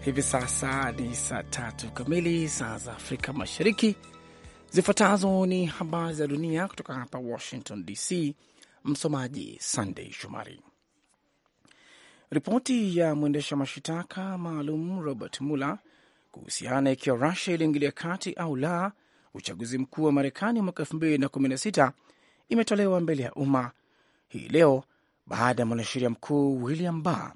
Hivi sasa ni saa tatu kamili saa za Afrika Mashariki. Zifuatazo ni habari za dunia kutoka hapa Washington DC. Msomaji Sandey Shomari. Ripoti ya mwendesha mashitaka maalum Robert Mueller kuhusiana ikiwa Rusia iliingilia kati au la uchaguzi mkuu wa Marekani mwaka sita imetolewa mbele ya umma hii leo baada ya mwanasheria mkuu William Barr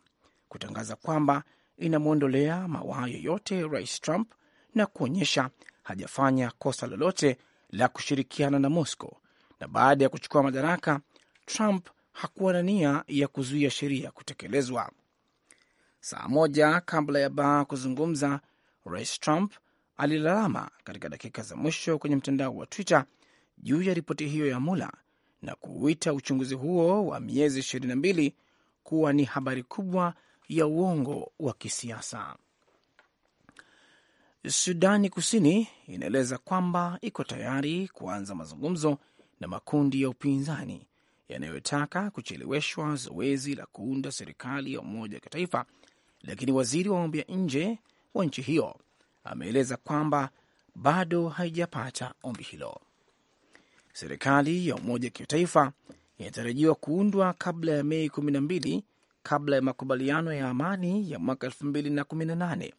kutangaza kwamba inamwondolea mawaa yoyote Rais Trump na kuonyesha hajafanya kosa lolote la kushirikiana na Moscow. Na baada ya kuchukua madaraka, Trump hakuwa na nia ya kuzuia sheria kutekelezwa. Saa moja kabla ya Baa kuzungumza, Rais Trump alilalama katika dakika za mwisho kwenye mtandao wa Twitter juu ya ripoti hiyo ya mula na kuuita uchunguzi huo wa miezi 22 kuwa ni habari kubwa ya uongo wa kisiasa. Sudani Kusini inaeleza kwamba iko tayari kuanza mazungumzo na makundi ya upinzani yanayotaka kucheleweshwa zoezi la kuunda serikali ya umoja wa kitaifa, lakini waziri wa mambo ya nje wa nchi hiyo ameeleza kwamba bado haijapata ombi hilo. Serikali ya umoja wa kitaifa inatarajiwa kuundwa kabla ya Mei kumi na mbili kabla ya makubaliano ya amani ya mwaka 2018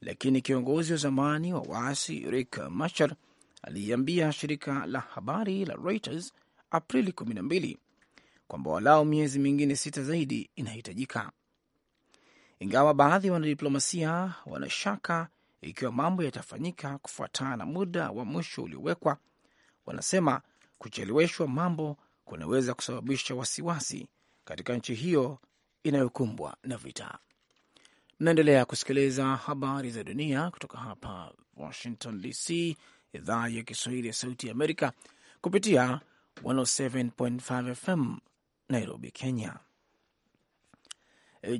lakini kiongozi wa zamani wa waasi rik Machar aliiambia shirika la habari la Reuters Aprili 12 kwamba walau miezi mingine sita zaidi inahitajika. Ingawa baadhi ya wanadiplomasia wanashaka ikiwa mambo yatafanyika kufuatana na muda wa mwisho uliowekwa, wanasema kucheleweshwa mambo kunaweza kusababisha wasiwasi katika nchi hiyo inayokumbwa na vita. Mnaendelea kusikiliza habari za dunia kutoka hapa Washington DC, idhaa ya Kiswahili ya Sauti ya Amerika kupitia 107.5 FM Nairobi, Kenya.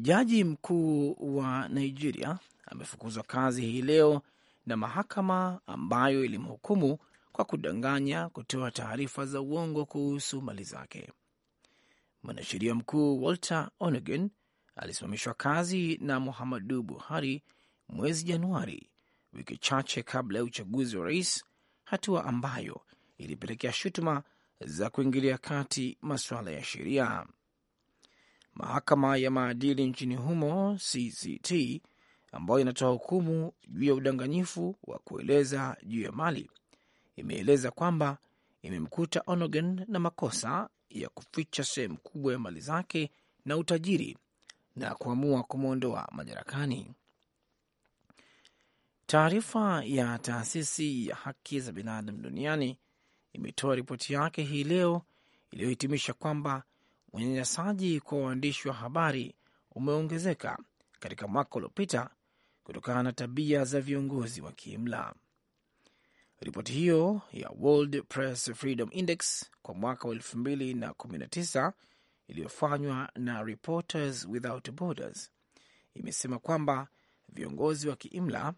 Jaji mkuu wa Nigeria amefukuzwa kazi hii leo na mahakama ambayo ilimhukumu kwa kudanganya, kutoa taarifa za uongo kuhusu mali zake. Mwanasheria mkuu Walter Onegan alisimamishwa kazi na Muhammadu Buhari mwezi Januari, wiki chache kabla ya uchaguzi wa rais, hatua ambayo ilipelekea shutuma za kuingilia kati masuala ya sheria. Mahakama ya maadili nchini humo CCT, ambayo inatoa hukumu juu ya udanganyifu wa kueleza juu ya mali, imeeleza kwamba imemkuta Onegan na makosa ya kuficha sehemu kubwa ya mali zake na utajiri na kuamua kumwondoa madarakani. Taarifa ya taasisi ya haki za binadamu duniani imetoa ripoti yake hii leo iliyohitimisha kwamba unyanyasaji kwa waandishi wa habari umeongezeka katika mwaka uliopita kutokana na tabia za viongozi wa kiimla. Ripoti hiyo ya World Press Freedom Index kwa mwaka wa tisa iliyofanywa na Reporters Without Borders imesema kwamba viongozi wa kiimla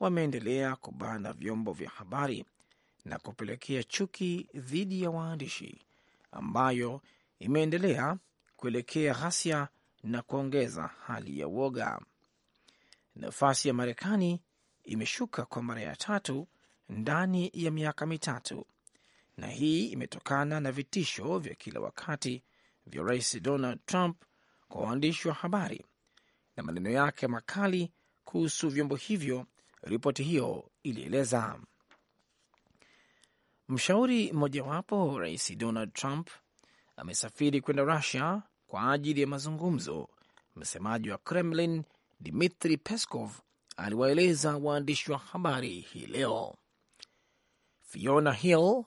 wameendelea kubana vyombo vya habari na kupelekea chuki dhidi ya waandishi ambayo imeendelea kuelekea ghasia na kuongeza hali ya woga. Nafasi ya Marekani imeshuka kwa mara ya tatu ndani ya miaka mitatu, na hii imetokana na vitisho vya kila wakati vya Rais Donald Trump kwa waandishi wa habari na maneno yake makali kuhusu vyombo hivyo, ripoti hiyo ilieleza. Mshauri mmojawapo Rais Donald Trump amesafiri kwenda Rusia kwa ajili ya mazungumzo. Msemaji wa Kremlin Dmitri Peskov aliwaeleza waandishi wa habari hii leo. Fiona Hill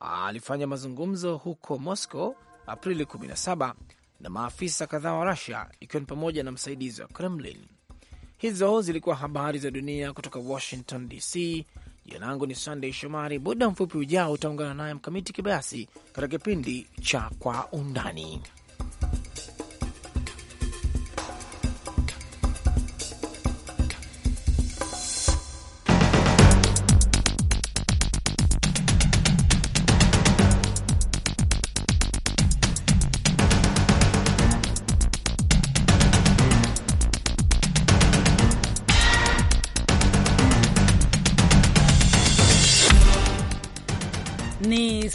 alifanya mazungumzo huko Moscow Aprili 17 na maafisa kadhaa wa Rusia, ikiwa ni pamoja na msaidizi wa Kremlin. Hizo zilikuwa habari za dunia kutoka Washington DC. Jina langu ni Sandey Shomari. Muda mfupi ujao utaungana naye Mkamiti Kibayasi katika kipindi cha Kwa Undani.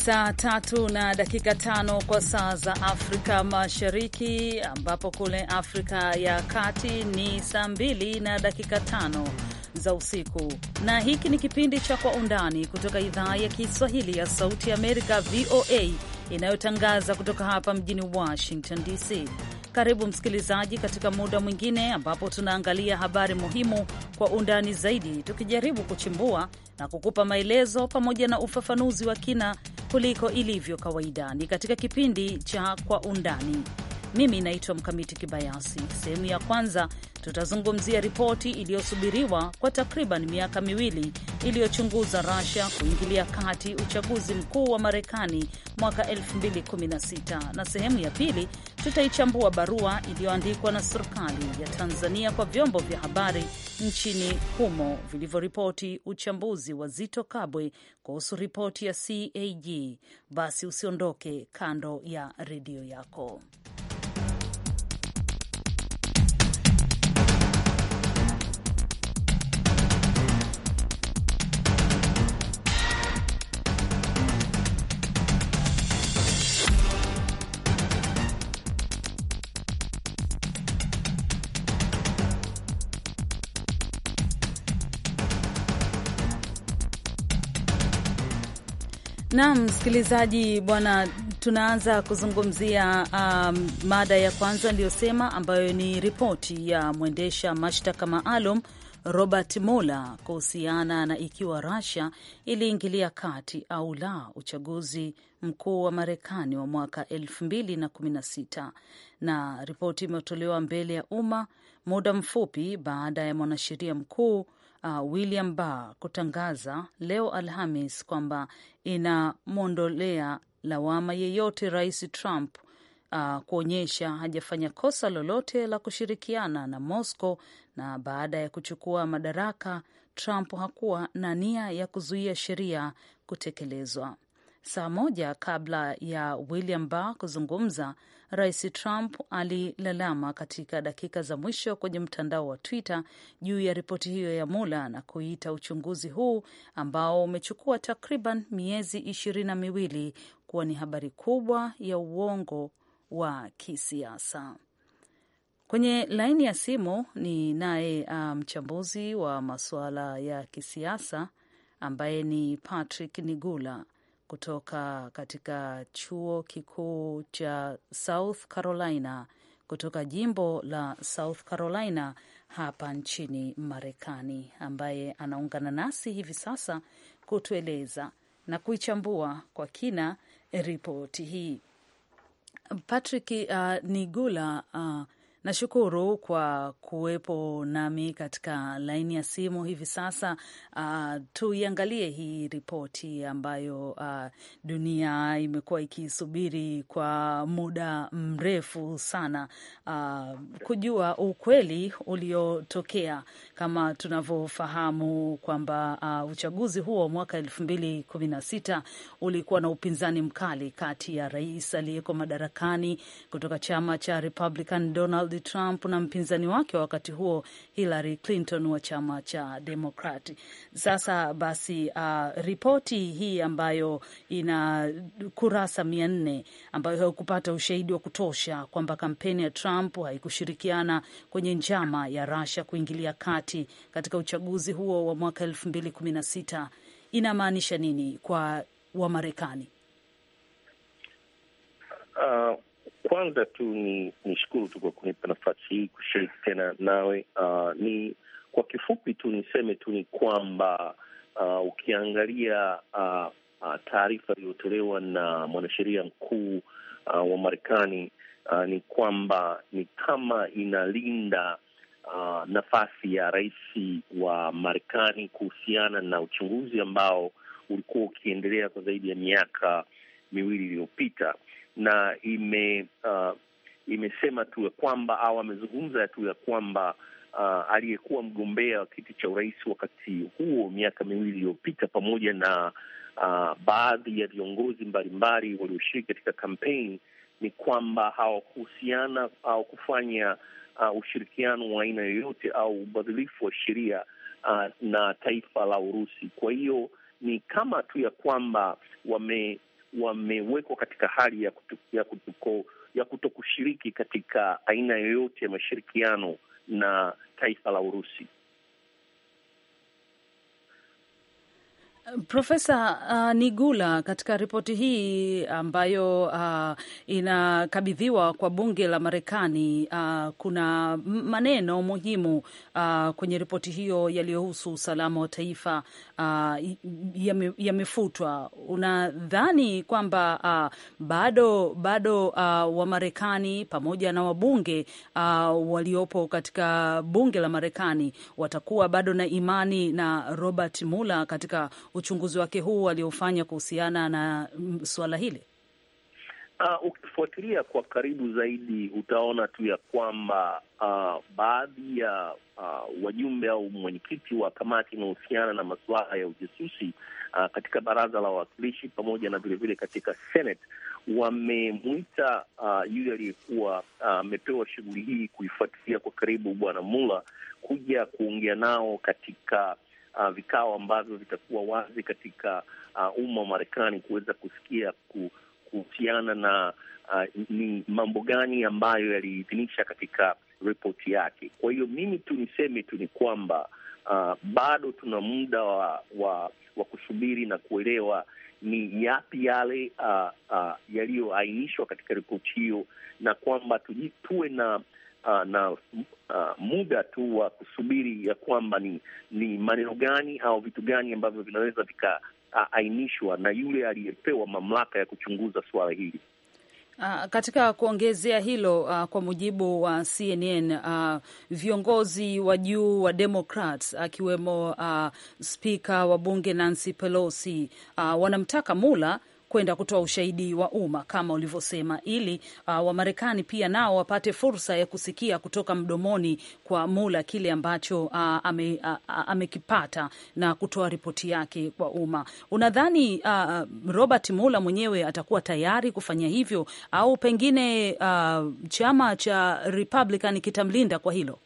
Saa tatu na dakika tano kwa saa za Afrika Mashariki, ambapo kule Afrika ya Kati ni saa mbili na dakika tano za usiku. Na hiki ni kipindi cha Kwa Undani kutoka idhaa ya Kiswahili ya Sauti Amerika, VOA, inayotangaza kutoka hapa mjini Washington DC. Karibu msikilizaji, katika muda mwingine ambapo tunaangalia habari muhimu kwa undani zaidi, tukijaribu kuchimbua na kukupa maelezo pamoja na ufafanuzi wa kina kuliko ilivyo kawaida. Ni katika kipindi cha Kwa Undani. Mimi naitwa Mkamiti Kibayasi. Sehemu ya kwanza tutazungumzia ripoti iliyosubiriwa kwa takriban miaka miwili iliyochunguza Russia kuingilia kati uchaguzi mkuu wa Marekani mwaka 2016, na sehemu ya pili tutaichambua barua iliyoandikwa na serikali ya Tanzania kwa vyombo vya habari nchini humo vilivyoripoti uchambuzi wa Zito Kabwe kuhusu ripoti ya CAG. Basi usiondoke kando ya redio yako. Naam, msikilizaji bwana, tunaanza kuzungumzia um, mada ya kwanza niliyosema ambayo ni ripoti ya mwendesha mashtaka maalum Robert Mueller kuhusiana na ikiwa Russia iliingilia kati au la uchaguzi mkuu wa Marekani wa mwaka 216 na ripoti imetolewa mbele ya umma muda mfupi baada ya mwanasheria mkuu uh, William Barr kutangaza leo Alhamis kwamba inamwondolea lawama yeyote Rais Trump uh, kuonyesha hajafanya kosa lolote la kushirikiana na Moscow. Na baada ya kuchukua madaraka, Trump hakuwa na nia ya kuzuia sheria kutekelezwa. Saa moja kabla ya William Barr kuzungumza, Rais Trump alilalama katika dakika za mwisho kwenye mtandao wa Twitter juu ya ripoti hiyo ya mula na kuita uchunguzi huu ambao umechukua takriban miezi ishirini na miwili kuwa ni habari kubwa ya uongo wa kisiasa. Kwenye laini ya simu ni naye uh, mchambuzi um, wa masuala ya kisiasa ambaye ni Patrick Nigula kutoka katika chuo kikuu cha South Carolina kutoka jimbo la South Carolina hapa nchini Marekani, ambaye anaungana nasi hivi sasa kutueleza na kuichambua kwa kina ripoti hii. Patrick uh, Nigula uh, Nashukuru kwa kuwepo nami katika laini ya simu hivi sasa. Uh, tuiangalie hii ripoti ambayo uh, dunia imekuwa ikisubiri kwa muda mrefu sana, uh, kujua ukweli uliotokea. Kama tunavyofahamu kwamba uh, uchaguzi huo mwaka elfu mbili kumi na sita ulikuwa na upinzani mkali kati ya rais aliyeko madarakani kutoka chama cha Republican Donald Donald Trump na mpinzani wake wa wakati huo Hillary Clinton wa chama cha demokrati Sasa basi, uh, ripoti hii ambayo ina kurasa mia nne ambayo haikupata ushahidi wa kutosha kwamba kampeni ya Trump haikushirikiana kwenye njama ya Russia kuingilia kati katika uchaguzi huo wa mwaka elfu mbili kumi na sita inamaanisha nini kwa Wamarekani? Uh, kwanza tu ni nishukuru tu kwa kunipa nafasi hii kushiriki tena nawe. Uh, ni kwa kifupi tu niseme tu ni kwamba uh, ukiangalia uh, uh, taarifa iliyotolewa na mwanasheria mkuu uh, wa Marekani uh, ni kwamba ni kama inalinda uh, nafasi ya rais wa Marekani kuhusiana na uchunguzi ambao ulikuwa ukiendelea kwa zaidi ya miaka miwili iliyopita na ime uh, imesema tu ya kwamba au amezungumza tu ya kwamba uh, aliyekuwa mgombea wa kiti cha urais wakati huo miaka miwili iliyopita pamoja na uh, baadhi ya viongozi mbalimbali walioshiriki katika kampeni ni kwamba hawakuhusiana au kufanya uh, ushirikiano wa aina yoyote au ubadhilifu wa sheria uh, na taifa la Urusi. Kwa hiyo ni kama tu ya kwamba wame wamewekwa katika hali ya kutuko, ya, kutuko, ya kutokushiriki katika aina yoyote ya mashirikiano na taifa la Urusi. Profesa uh, Nigula, katika ripoti hii ambayo uh, inakabidhiwa kwa bunge la Marekani uh, kuna maneno muhimu uh, kwenye ripoti hiyo yaliyohusu usalama wa taifa uh, yamefutwa. Unadhani kwamba uh, bado bado uh, Wamarekani pamoja na wabunge uh, waliopo katika bunge la Marekani watakuwa bado na imani na Robert Mueller katika uchunguzi wake huu aliofanya kuhusiana na suala hili? Uh, ukifuatilia kwa karibu zaidi utaona tu ya kwamba uh, baadhi ya uh, wajumbe au mwenyekiti wa kamati inayohusiana na masuala ya ujasusi uh, katika baraza la wawakilishi pamoja na vilevile katika Senate wamemwita uh, yule aliyekuwa amepewa uh, shughuli hii kuifuatilia kwa karibu, Bwana Mula kuja kuongea nao katika uh, vikao ambavyo vitakuwa wazi katika uh, umma wa Marekani kuweza kusikia kuhusiana na uh, ni mambo gani ambayo yaliidhinisha katika ripoti yake. Kwa hiyo mimi tu niseme tu ni kwamba uh, bado tuna muda wa, wa, wa kusubiri na kuelewa ni yapi yale uh, uh, yaliyoainishwa katika ripoti hiyo, na kwamba tuwe na uh, na uh, muda tu wa kusubiri ya kwamba ni, ni maneno gani au vitu gani ambavyo vinaweza vikaainishwa uh, na yule aliyepewa mamlaka ya kuchunguza suala hili. Uh, katika kuongezea hilo uh, kwa mujibu wa CNN uh, viongozi wa juu wa Democrats akiwemo uh, uh, spika wa bunge Nancy Pelosi uh, wanamtaka Mula kwenda kutoa ushahidi wa umma kama ulivyosema, ili uh, Wamarekani pia nao wapate fursa ya kusikia kutoka mdomoni kwa Mula kile ambacho uh, uh, uh amekipata ame na kutoa ripoti yake kwa umma. Unadhani uh, uh Robert Mula mwenyewe atakuwa tayari kufanya hivyo au pengine uh, chama cha Republican kitamlinda kwa hilo?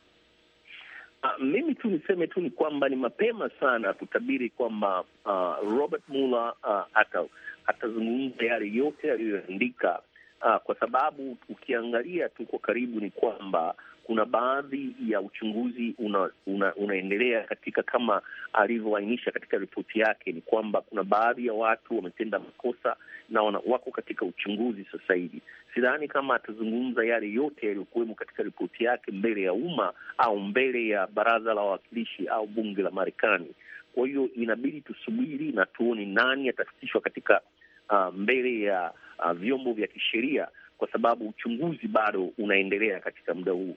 Uh, mimi tu niseme tu ni kwamba ni mapema sana kutabiri kwamba uh, Robert Mueller uh, ata atazungumza yale yote aliyoandika ah, kwa sababu ukiangalia tu kwa karibu ni kwamba kuna baadhi ya uchunguzi una, una, unaendelea katika kama alivyoainisha katika ripoti yake, ni kwamba kuna baadhi ya watu wametenda makosa na wana, wako katika uchunguzi sasa hivi. Sidhani kama atazungumza yale yote yaliyokuwemo katika ripoti yake mbele ya umma au mbele ya baraza la wawakilishi au bunge la Marekani. Kwa hiyo inabidi tusubiri na tuone nani atafikishwa katika uh, mbele ya uh, vyombo vya kisheria, kwa sababu uchunguzi bado unaendelea katika muda huu.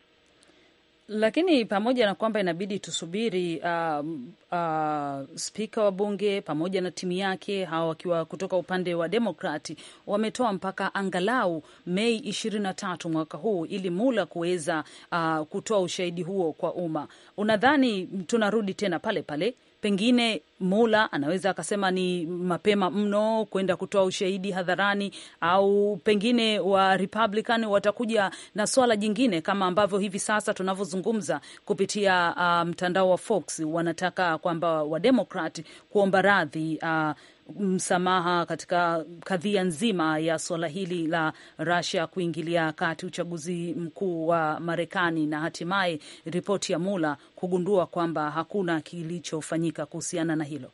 Lakini pamoja na kwamba inabidi tusubiri uh, uh, spika wa bunge pamoja na timu yake, hawa wakiwa kutoka upande wa Demokrati wametoa mpaka angalau Mei ishirini na tatu mwaka huu ili mula kuweza uh, kutoa ushahidi huo kwa umma. Unadhani tunarudi tena pale pale pengine Mola anaweza akasema ni mapema mno kwenda kutoa ushahidi hadharani, au pengine wa Republican watakuja na swala jingine, kama ambavyo hivi sasa tunavyozungumza kupitia uh, mtandao um, wa Fox wanataka kwamba wademokrat kuomba radhi uh, msamaha katika kadhia nzima ya suala hili la Russia kuingilia kati uchaguzi mkuu wa Marekani na hatimaye ripoti ya mula kugundua kwamba hakuna kilichofanyika kuhusiana na hilo?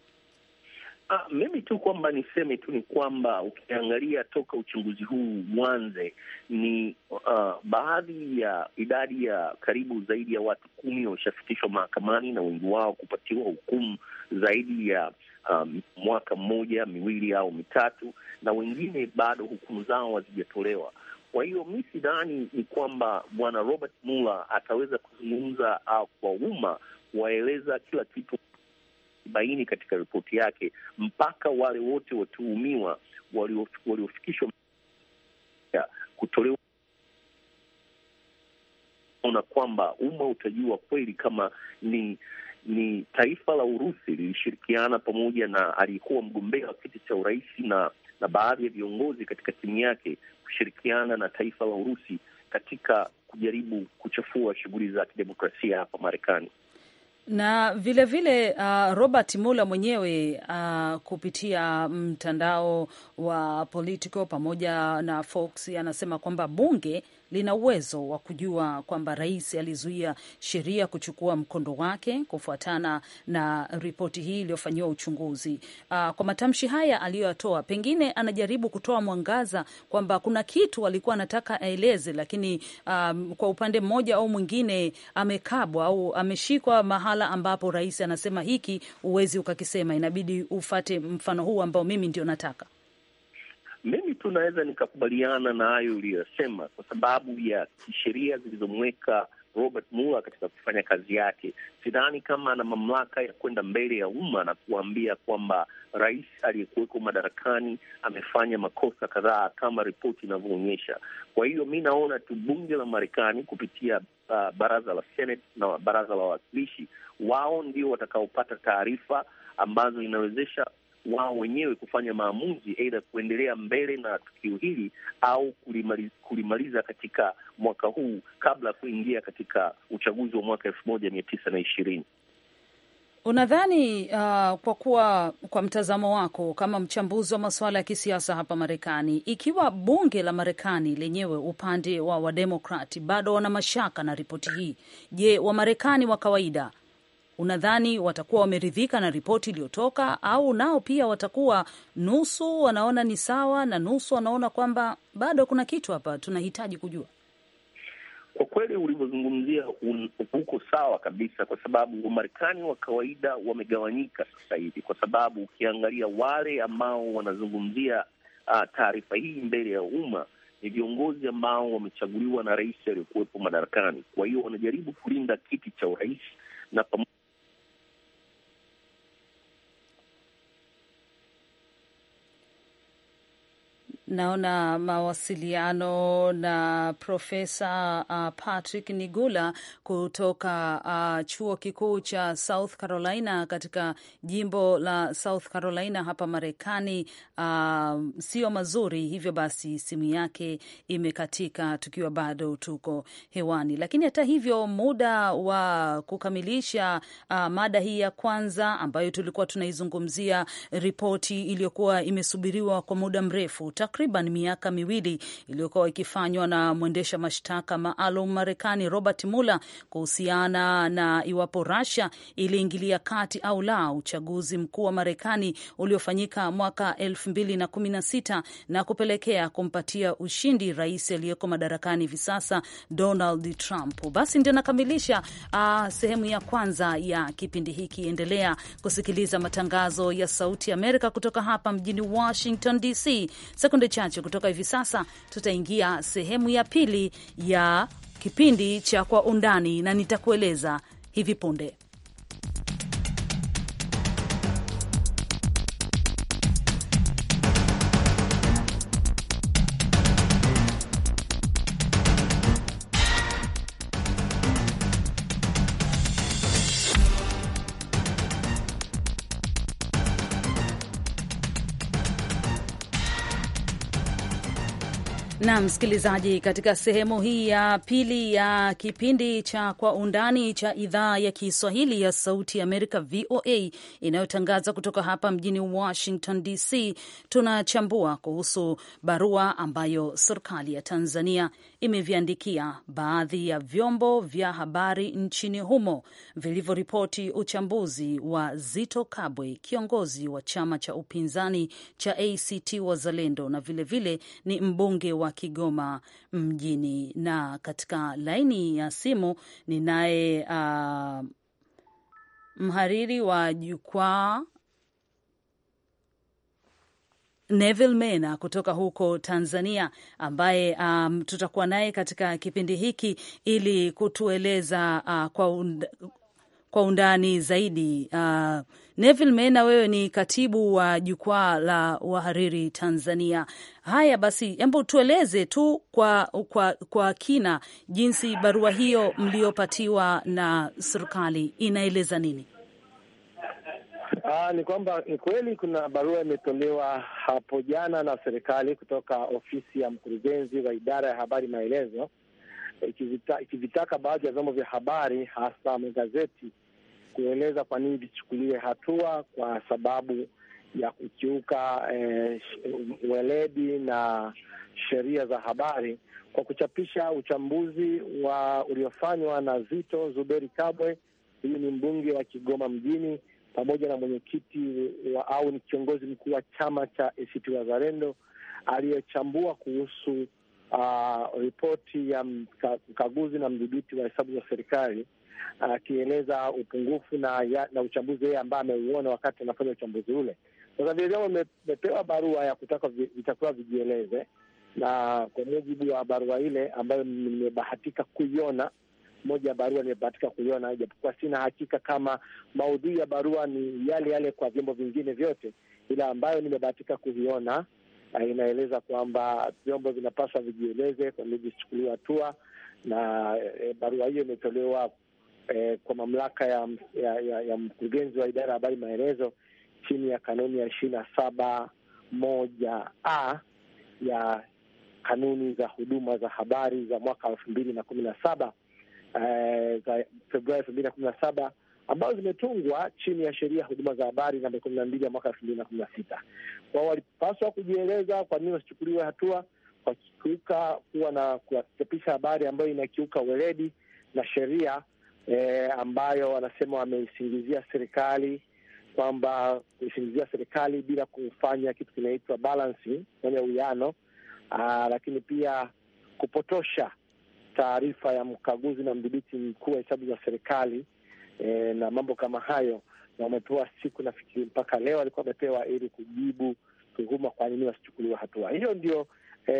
Ah, mimi tu kwamba niseme tu ni kwamba ukiangalia toka uchunguzi huu mwanze ni uh, baadhi ya idadi ya karibu zaidi ya watu kumi washafikishwa mahakamani na wengi wao kupatiwa hukumu zaidi ya um, mwaka mmoja miwili au mitatu, na wengine bado hukumu zao hazijatolewa. Kwa hiyo mi sidhani ni kwamba bwana Robert Mueller ataweza kuzungumza uh, kwa umma waeleza kila kitu baini katika ripoti yake, mpaka wale wote watuhumiwa waliofikishwa kutolewa na kwamba umma utajua kweli kama ni ni taifa la Urusi lilishirikiana pamoja na aliyekuwa mgombea wa kiti cha urais na na baadhi ya viongozi katika timu yake kushirikiana na taifa la Urusi katika kujaribu kuchafua shughuli za kidemokrasia hapa Marekani na vilevile vile, uh, Robert Mueller mwenyewe uh, kupitia mtandao wa Politico pamoja na Fox anasema kwamba bunge lina uwezo wa kujua kwamba rais alizuia sheria kuchukua mkondo wake kufuatana na ripoti hii iliyofanyiwa uchunguzi. Uh, kwa matamshi haya aliyoyatoa, pengine anajaribu kutoa mwangaza kwamba kuna kitu alikuwa anataka aeleze, lakini um, kwa upande mmoja au mwingine amekabwa au ameshikwa mahala ambapo rais anasema hiki huwezi ukakisema, inabidi ufate mfano huu ambao mimi ndio nataka mimi tu naweza nikakubaliana na hayo uliyosema kwa sababu ya kisheria zilizomweka Robert Mueller katika kufanya kazi yake. Sidhani kama ana mamlaka ya kwenda mbele ya umma na kuambia kwamba rais aliyekuweko madarakani amefanya makosa kadhaa kama ripoti inavyoonyesha. Kwa hiyo mi naona tu bunge la Marekani kupitia uh, baraza la Senate na baraza la wawakilishi, wao ndio watakaopata taarifa ambazo inawezesha wao wenyewe kufanya maamuzi, aidha kuendelea mbele na tukio hili au kulimaliza, kulimaliza katika mwaka huu kabla ya kuingia katika uchaguzi wa mwaka elfu moja mia tisa na ishirini. Unadhani uh, kwa kuwa kwa mtazamo wako kama mchambuzi wa masuala ya kisiasa hapa Marekani, ikiwa bunge la Marekani lenyewe upande wa Wademokrati bado wana mashaka na ripoti hii, je, Wamarekani wa kawaida unadhani watakuwa wameridhika na ripoti iliyotoka, au nao pia watakuwa nusu wanaona ni sawa na nusu wanaona kwamba bado kuna kitu hapa tunahitaji kujua? Kwa kweli ulivyozungumzia uko sawa kabisa, kwa sababu Wamarekani wa kawaida wamegawanyika sasa hivi, kwa sababu ukiangalia wale ambao wanazungumzia uh, taarifa hii mbele ya umma ni viongozi ambao wamechaguliwa na rais aliyokuwepo madarakani. Kwa hiyo wanajaribu kulinda kiti cha urais na pamoja Naona mawasiliano na Profesa uh, Patrick Nigula kutoka uh, chuo kikuu cha South Carolina katika jimbo la South Carolina hapa Marekani uh, sio mazuri. Hivyo basi simu yake imekatika tukiwa bado tuko hewani, lakini hata hivyo muda wa kukamilisha uh, mada hii ya kwanza ambayo tulikuwa tunaizungumzia ripoti iliyokuwa imesubiriwa kwa muda mrefu takriban miaka miwili iliyokuwa ikifanywa na mwendesha mashtaka maalum Marekani Robert Mueller kuhusiana na iwapo Russia iliingilia kati au la uchaguzi mkuu wa Marekani uliofanyika mwaka 2016 na kupelekea kumpatia ushindi rais aliyeko madarakani hivi sasa Donald Trump. Basi ndio nakamilisha uh, sehemu ya kwanza ya kipindi hiki. Endelea kusikiliza matangazo ya Sauti Amerika kutoka hapa mjini Washington DC. Sekunde sekunde chache kutoka hivi sasa tutaingia sehemu ya pili ya kipindi cha Kwa Undani, na nitakueleza hivi punde. na msikilizaji, katika sehemu hii ya pili ya kipindi cha Kwa Undani cha idhaa ya Kiswahili ya Sauti ya Amerika, VOA, inayotangaza kutoka hapa mjini Washington DC, tunachambua kuhusu barua ambayo serikali ya Tanzania imeviandikia baadhi ya vyombo vya habari nchini humo vilivyoripoti uchambuzi wa Zito Kabwe, kiongozi wa chama cha upinzani cha ACT Wazalendo, na vilevile vile ni mbunge wa wa Kigoma mjini, na katika laini ya simu ninaye uh, mhariri wa jukwaa Neville Mena kutoka huko Tanzania ambaye um, tutakuwa naye katika kipindi hiki ili kutueleza uh, kwa, und kwa undani zaidi uh, Neville Mena, wewe ni katibu wa jukwaa la wahariri Tanzania. Haya basi, hebu tueleze tu kwa, kwa, kwa kina jinsi barua hiyo mliyopatiwa na serikali inaeleza nini? Aa, ah, ni kwamba ni kweli kuna barua imetolewa hapo jana na serikali kutoka ofisi ya mkurugenzi wa idara ya habari maelezo, ikivitaka baadhi ya vyombo vya habari hasa magazeti kueleza kwa nini vichukuliwe hatua kwa sababu ya kukiuka eh, weledi na sheria za habari kwa kuchapisha uchambuzi wa uliofanywa na Zito Zuberi Kabwe, huyu ni mbunge wa Kigoma mjini pamoja na mwenyekiti au ni kiongozi mkuu wa chama cha ACT Wazalendo aliyechambua kuhusu uh, ripoti ya mkaguzi na mdhibiti wa hesabu za serikali akieleza upungufu na, ya, na uchambuzi yeye ambaye ameuona wakati anafanya uchambuzi ule. Sasa vyama imepewa barua ya kutaka vitakuwa vijieleze, na kwa mujibu wa barua ile ambayo nimebahatika kuiona moja ya barua nimebahatika kuiona, japokuwa sina hakika kama maudhui ya barua ni yale yale kwa vyombo vingine vyote, ila ambayo nimebahatika kuiona inaeleza kwamba vyombo vinapaswa vijieleze, vijichukuliwa hatua, na e, barua hiyo imetolewa eh, kwa mamlaka ya, ya, ya, ya mkurugenzi wa idara ya habari maelezo chini ya kanuni ya ishirini na saba moja a ya kanuni za huduma za habari za mwaka elfu mbili na kumi na saba eh, za Februari elfu mbili na kumi na saba ambazo zimetungwa chini ya sheria ya huduma za habari namba kumi na mbili ya mwaka elfu mbili na kumi na sita kwao walipaswa kujieleza kwa nini wasichukuliwe hatua kwa kuwa na kuchapisha habari ambayo inakiuka weledi na sheria eh, ambayo wanasema wameisingizia serikali kwamba kuisingizia serikali bila kufanya kitu kinaitwa balancing, kwenye uwiano, ah, lakini pia kupotosha taarifa ya mkaguzi na mdhibiti mkuu wa hesabu za serikali e, na mambo kama hayo, na wamepewa siku nafikiri mpaka leo alikuwa amepewa ili kujibu tuhuma, kwa nini wasichukuliwa hatua. Hiyo ndio e,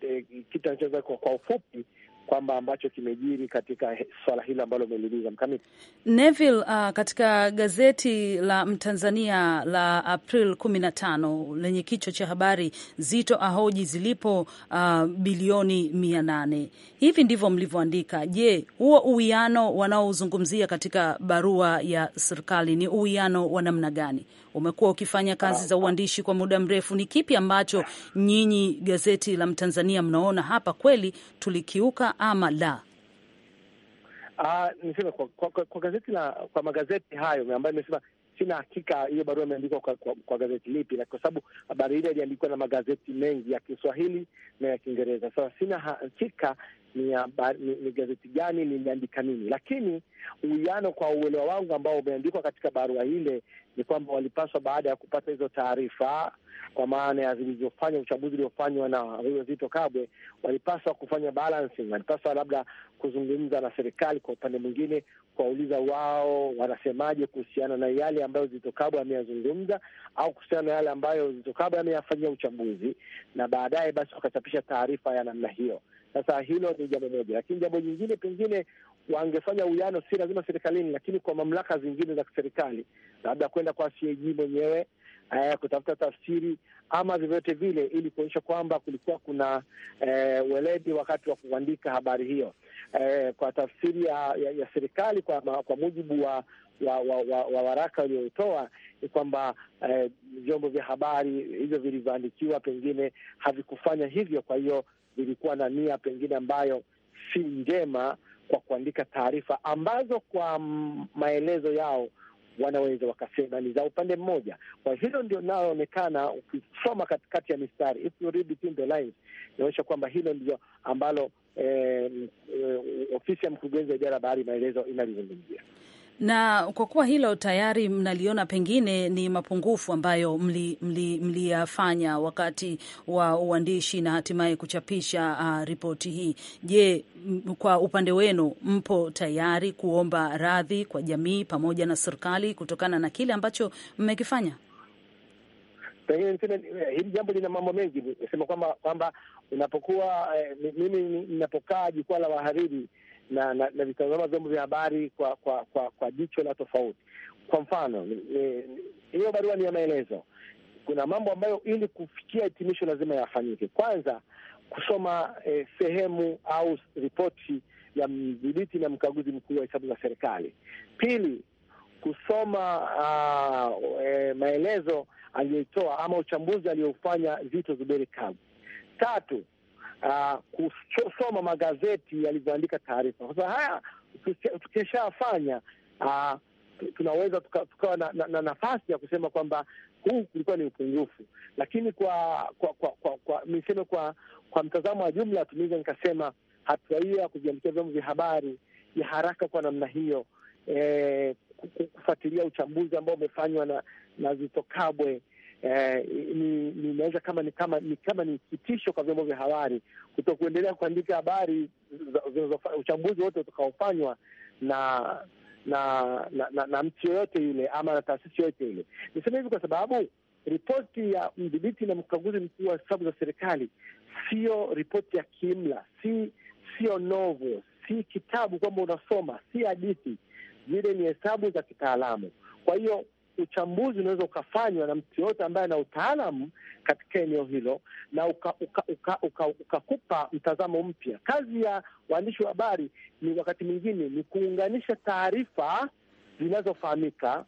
e, kitu anachoweza kwa ufupi kwamba ambacho kimejiri katika swala hilo ambalo umeliuliza Mkamiti Neville. Uh, katika gazeti la Mtanzania la April kumi na tano lenye kichwa cha habari Zito ahoji zilipo uh, bilioni mia nane. Hivi ndivyo mlivyoandika. Je, huo uwiano wanaozungumzia katika barua ya serikali ni uwiano wa namna gani? umekuwa ukifanya kazi za uandishi kwa muda mrefu, ni kipi ambacho nyinyi gazeti la Mtanzania mnaona hapa kweli tulikiuka ama la? Uh, niseme kwa, kwa, kwa, kwa gazeti la kwa magazeti hayo ambayo imesema sina hakika hiyo barua imeandikwa kwa, kwa, kwa gazeti lipi, na kwa sababu habari ile iliandikwa na magazeti mengi ya Kiswahili na ya Kiingereza. Sasa so, sina hakika ni, ni, ni gazeti gani liliandika nini, lakini uwiano kwa uelewa wangu ambao umeandikwa katika barua ile ni kwamba walipaswa baada ya kupata hizo taarifa, kwa maana ya zilizofanya uchambuzi uliofanywa na huyo Zito Kabwe, walipaswa kufanya balancing, walipaswa labda kuzungumza na serikali kwa upande mwingine, kuwauliza wao wanasemaje kuhusiana na yale ambayo Zito Kabwe ameyazungumza au kuhusiana na yale ambayo Zito Kabwe ameyafanyia uchambuzi, na baadaye basi wakachapisha taarifa ya namna hiyo. Sasa hilo ni jambo moja, lakini jambo jingine pengine wangefanya uwiano, si lazima serikalini, lakini kwa mamlaka zingine za kiserikali, labda kwenda kwa CAG mwenyewe eh, kutafuta tafsiri ama vyovyote vile, ili kuonyesha kwamba kulikuwa kuna eh, weledi wakati wa kuandika habari hiyo eh, kwa tafsiri ya, ya, ya serikali kwa, kwa mujibu wa wa, wa, wa, wa waraka waliotoa ni kwamba eh, vyombo eh, vya habari hivyo vilivyoandikiwa pengine havikufanya hivyo. Kwa hiyo vilikuwa na nia pengine ambayo si njema kwa kuandika taarifa ambazo kwa maelezo yao wanaweza wakasema ni za upande mmoja. Kwa hilo ndio linaloonekana ukisoma katikati ya mistari, if you read between the lines, inaonyesha kwamba hilo ndio ambalo eh, eh, ofisi ya mkurugenzi wa idara ya bahari maelezo inalizungumzia na kwa kuwa hilo tayari mnaliona pengine ni mapungufu ambayo mliyafanya mli, mli wakati wa uandishi na hatimaye kuchapisha uh, ripoti hii. Je, kwa upande wenu mpo tayari kuomba radhi kwa jamii pamoja na serikali kutokana na kile ambacho mmekifanya? Pengine niseme eh, hili jambo lina mambo mengi, nisema kwamba kwamba unapokuwa eh, mimi ninapokaa jukwaa la wahariri na, na, na vitazama vyombo vya habari kwa kwa, kwa kwa jicho la tofauti. Kwa mfano hiyo e, barua ni ya maelezo. Kuna mambo ambayo ili kufikia hitimisho lazima yafanyike. Kwanza kusoma e, sehemu au ripoti ya mdhibiti na mkaguzi mkuu wa hesabu za serikali. Pili, kusoma a, ah, e, eh, maelezo aliyoitoa ama uchambuzi aliyofanya Zito Zuberi Kabwe. Tatu, Uh, kusoma magazeti yalivyoandika taarifa. Sasa haya tukishafanya uh, tunaweza tukawa tuka na, na, na nafasi ya kusema kwamba huu kulikuwa ni upungufu, lakini kwa kwa kwa, kwa, kwa niseme kwa kwa mtazamo wa jumla, tunaweza nikasema hatua hiyo ya kuviandikia vyombo vya habari ya haraka kwa namna hiyo e, kufuatilia uchambuzi ambao umefanywa na, na Zitto Kabwe eh, kama ni kama ni kama ni kitisho kwa vyombo vya habari kuto kuendelea kuandika habari uchambuzi wote utakaofanywa na na na, na, na mtu yoyote yule ama na taasisi yoyote ile. Niseme hivi kwa sababu ripoti ya mdhibiti na mkaguzi mkuu wa hesabu za serikali sio ripoti ya kiimla, si sio novo, si kitabu kwamba unasoma, si hadithi. Zile ni hesabu za kitaalamu. Kwa hiyo uchambuzi unaweza ukafanywa na mtu yoyote ambaye ana utaalamu katika eneo hilo na ukakupa uka, uka, uka, uka mtazamo mpya. Kazi ya waandishi wa habari ni wakati mwingine ni kuunganisha taarifa zinazofahamika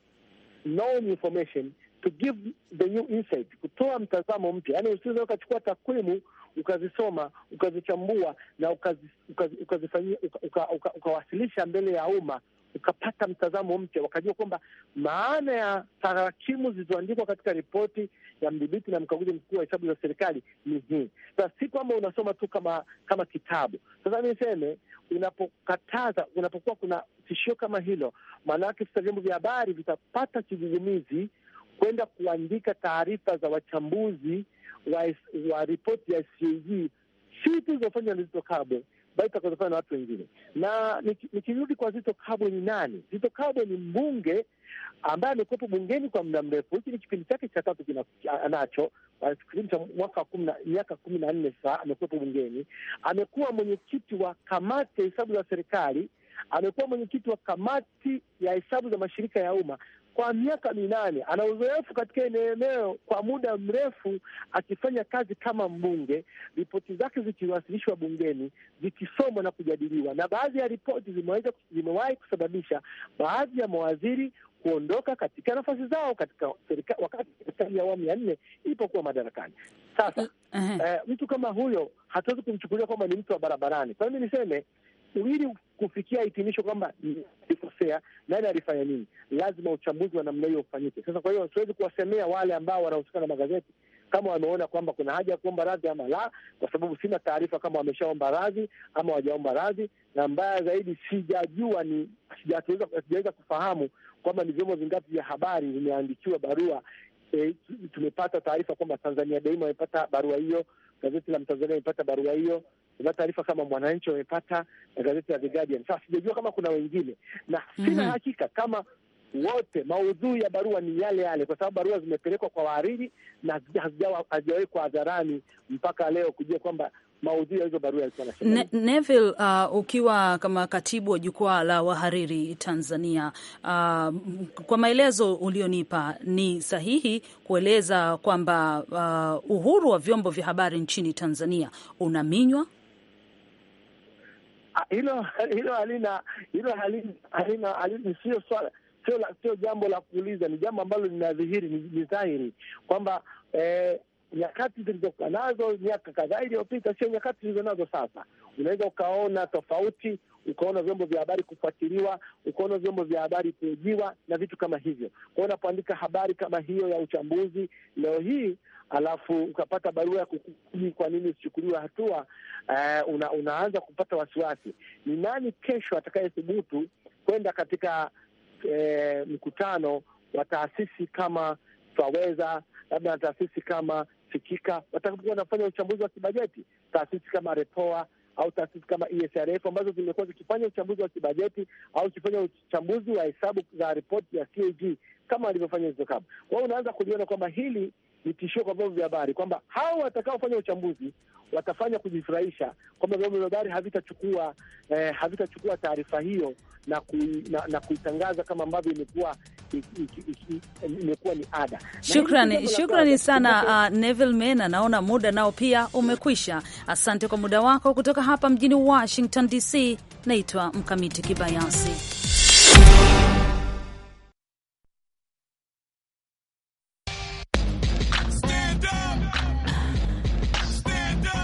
known information to give the new insight, kutoa mtazamo mpya. Yani usiweza ukachukua takwimu ukazisoma ukazichambua na ukawasilisha uka, uka, uka, uka mbele ya umma ukapata mtazamo mpya, wakajua kwamba maana ya tarakimu zilizoandikwa katika ripoti ya mdhibiti na mkaguzi mkuu wa hesabu za serikali ni hii. Sasa si kwamba unasoma tu kama kama kitabu. Sasa niseme, unapokataza, unapokuwa kuna tishio kama hilo, maanake sasa vyombo vya habari vitapata kigugumizi kwenda kuandika taarifa za wachambuzi wa, wa ripoti ya CAG si tu zilizofanywa na Zitto Kabwe baita kutokana na watu wengine. Na nikirudi kwa Zito Kabwe ni nani? Zito Kabwe ni mbunge ambaye amekuwepo bungeni kwa muda mrefu. Hiki ni kipindi chake cha tatu anacho kipindi cha mwaka miaka kumi na nne sasa amekuwepo bungeni. Amekuwa mwenyekiti wa kamati ya hesabu za serikali amekuwa mwenyekiti wa kamati ya hesabu za mashirika ya umma kwa miaka minane, ana uzoefu katika eneo kwa muda mrefu akifanya kazi kama mbunge, ripoti zake zikiwasilishwa bungeni, zikisomwa na kujadiliwa, na baadhi ya ripoti zimewahi kusababisha baadhi ya mawaziri kuondoka katika nafasi zao katika serikali, wakati serikali ya awamu ya nne ilipokuwa madarakani. Sasa uh, eh, -huh. Eh. uh, eh, mtu kama huyo hatuwezi kumchukulia kwamba ni mtu wa barabarani. Kwa hiyo mi niseme ili kufikia hitimisho kwamba ikosea nani alifanya nini, lazima uchambuzi wa namna hiyo ufanyike. Sasa kwa hiyo siwezi kuwasemea wale ambao wanahusika na magazeti kama wameona kwamba kuna haja ya kuomba radhi ama la, kwa sababu sina taarifa kama wameshaomba radhi ama wajaomba radhi, na mbaya zaidi sijajua ni sijaweza kufahamu kwamba ni vyombo vingapi vya habari vimeandikiwa barua. E, tumepata taarifa kwamba Tanzania Daima amepata barua hiyo, gazeti la Mtanzania amepata barua hiyo, na taarifa kama Mwananchi wamepata na gazeti la The Guardian. Sasa sijajua kama kuna wengine na sina mm -hmm. hakika kama wote maudhui ya barua ni yale yale, kwa sababu barua zimepelekwa kwa wahariri na hazijawekwa hadharani mpaka leo kujua kwamba maudhui ya hizo barua yalikuwa na Neville. Uh, ukiwa kama katibu wa jukwaa la wahariri Tanzania, uh, kwa maelezo ulionipa ni sahihi kueleza kwamba uh, uhuru wa vyombo vya habari nchini Tanzania unaminywa Ah, hilo hilo halina hilo halina halina sio swala, sio sio jambo la kuuliza, ni jambo ambalo linadhihiri, ni dhahiri kwamba eh, nyakati zilizokuwa nazo miaka kadhaa iliyopita sio nyakati zilizonazo sasa unaweza ukaona tofauti, ukaona vyombo vya habari kufuatiliwa, ukaona vyombo vya habari kuujiwa na vitu kama hivyo. Kwa hiyo unapoandika habari kama hiyo ya uchambuzi leo hii alafu ukapata barua ya kukuji kwa nini usichukuliwe hatua, uh, una, unaanza kupata wasiwasi. Ni nani kesho atakayethubutu kwenda katika eh, mkutano wa taasisi kama Twaweza, labda na taasisi kama Fikika watakapokuwa wanafanya uchambuzi wa kibajeti, taasisi kama Repoa au taasisi kama ESRF ambazo zimekuwa zikifanya uchambuzi wa kibajeti au zikifanya uchambuzi wa hesabu za ripoti ya CAG kama walivyofanya hizo kabla. Kwa hiyo unaanza kuliona kwamba hili ni tishio kwa vyombo vya habari kwamba hao watakaofanya uchambuzi watafanya kujifurahisha kwamba vyombo vya habari havitachukua eh, havitachukua taarifa hiyo na, kui, na, na kuitangaza kama ambavyo imekuwa imekuwa ni ada. Shukrani, sana uh, Neville Mena. Naona muda nao pia umekwisha. Asante kwa muda wako. Kutoka hapa mjini Washington DC, naitwa Mkamiti Kibayasi.